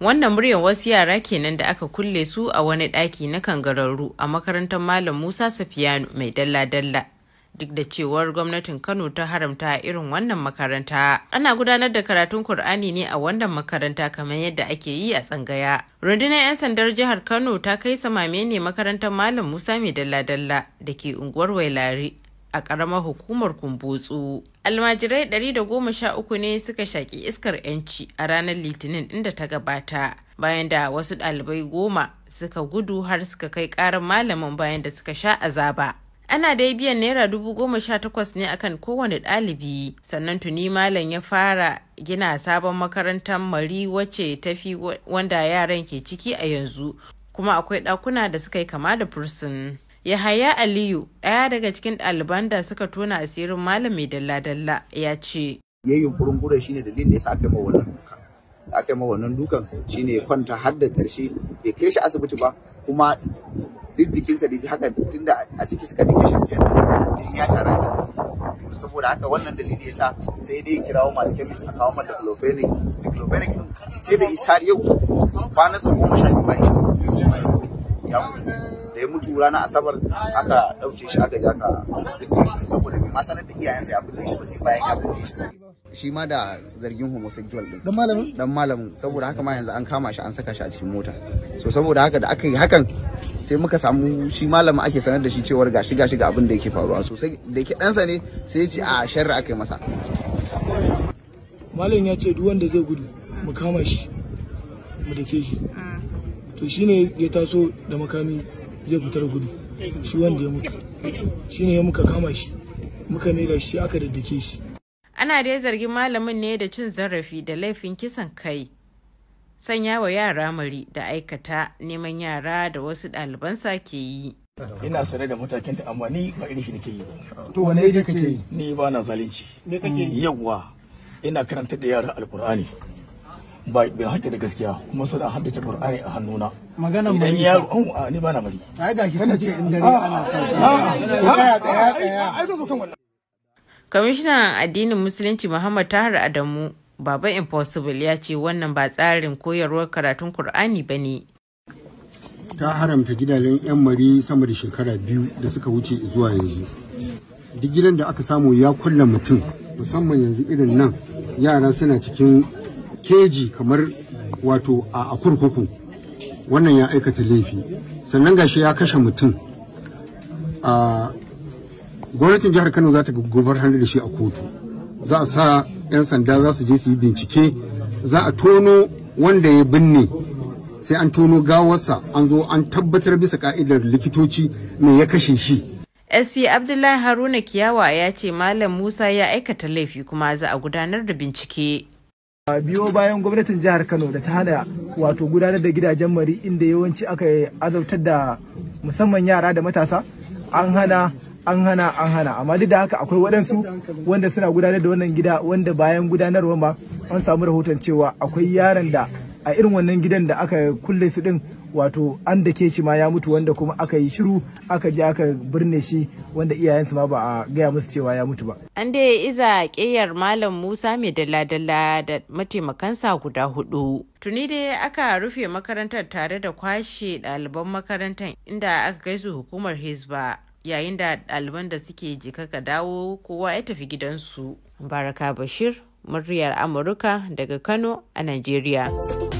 wannan muryar wasu yara kenan da aka kulle su a wani ɗaki na kangararru a makarantar malam musa safiyanu mai dalla-dalla duk da cewar gwamnatin kano ta haramta irin wannan makaranta ana gudanar da karatun kur'ani ne a wannan makaranta kamar yadda ake yi a tsangaya rundunar 'yan sandar jihar kano ta kai samame ne makarantar malam musa mai dalla-dalla da ke unguwar wailari a ƙaramar hukumar kumbutsu. Almajirai 113 ne suka shaƙi iskar 'yanci a ranar Litinin inda ta gabata, bayan da wasu ɗalibai goma suka gudu har suka kai ƙarar malamin bayan da suka sha azaba. Ana dai biyan naira dubu goma sha takwas ne akan kowane ɗalibi, sannan tuni malam ya fara gina sabon makarantar mari wacce ta fi wanda yaran ke ciki a yanzu, kuma akwai ɗakuna da suka yi kama da fursun. Yahaya Aliyu, ɗaya daga cikin ɗaliban da suka tona asirin malami dalla-dalla ya ce. Ya yunkurin gure shine dalilin da ya sa aka yi wannan dukan. Da aka wannan dukan shine ya kwanta har da ƙarshe bai kai shi asibiti ba kuma duk jikinsa da haka da a ciki suka dake shi jin jin ya tara a cikinsa. Saboda haka wannan dalili ya sa sai dai kirawo masu kemis a kawo mata clofenic. Clofenic sai bai isa yau kwanansa goma sha biyu ba ya mutu. da ya mutu ranar asabar aka ɗauke shi aka ja ka binne shi saboda bai ma sanar da iyayensa ya binne shi ba sai bayan ya bude shi shi ma da zargin homosexual din dan malamin dan malamin saboda haka ma yanzu an kama shi an saka shi a cikin mota so saboda haka da aka yi hakan sai muka samu shi malamin ake sanar da shi cewar gashi gashi ga abin da yake faruwa sosai da yake ɗansa ne sai ya ce a sharri aka yi masa malam ya ce duk wanda zai gudu mu kama shi mu dake shi mm. to shine ya taso da makami zai fitar gudu shi wanda ya mutu shi ne muka kama shi muka mai da shi aka daddake shi ana dai zargin malamin ne da cin zarafi da laifin kisan kai sanya wa yara mari da aikata neman yara da wasu ɗalibansa ke yi ina sare da matakin ta amma ni ba irin shi nake yi to wane yake kake yi ni ba na zalunci yawa ina karanta da yara alkur'ani ba bai haƙƙi da gaskiya kuma suna haddace Qur'ani a hannuna magana mai idan yaro an a ni bana mari ai ga sun sace in dare ana ah, sa shi tsaya ah, ah, tsaya ai zo kan wannan Kwamishinan addinin Musulunci Muhammad Tahir Adamu Baba Impossible ya ce wannan ba tsarin koyarwar karatun Kur'ani ba ne. Ta haramta gidajen 'yan mari sama da shekara biyu da suka wuce zuwa yanzu. Duk gidan da aka samu ya kulla mutum musamman yanzu irin nan yara suna cikin keji kamar wato a kurkuku wannan ya aikata laifi sannan gashi ya kashe mutum a gwamnatin jihar kano za ta gubar hannu da shi a kotu za a sa 'yan sanda za su je su yi bincike za a tono wanda ya binne sai an tono gawarsa an zo an tabbatar bisa ka'idar likitoci mai ya kashe shi SP Abdullahi Haruna Kiyawa ya ce Malam Musa ya aikata laifi kuma za a gudanar da bincike. biyo bayan gwamnatin jihar kano da ta hana wato gudanar da gidajen mari inda yawanci aka azabtar da musamman yara da matasa an hana an hana an hana amma duk da haka akwai waɗansu wanda suna gudanar da wannan gida wanda bayan gudanarwa ma an samu rahoton cewa akwai yaran da a irin wannan gidan da aka kulle su din wato an da ke shi ma ya mutu wanda kuma aka yi shiru aka je aka birne shi wanda iyayensu ma ba a gaya musu cewa ya mutu ba. An dai iza ƙeyar Malam Musa mai dalla-dalla da mataimakansa guda hudu. Tuni dai aka rufe makarantar tare da kwashe ɗaliban makarantar inda aka kai su hukumar Hizba yayin da ɗaliban da suke jika ka dawo kowa ya tafi gidansu. Baraka Bashir, muryar Amurka daga Kano a Najeriya.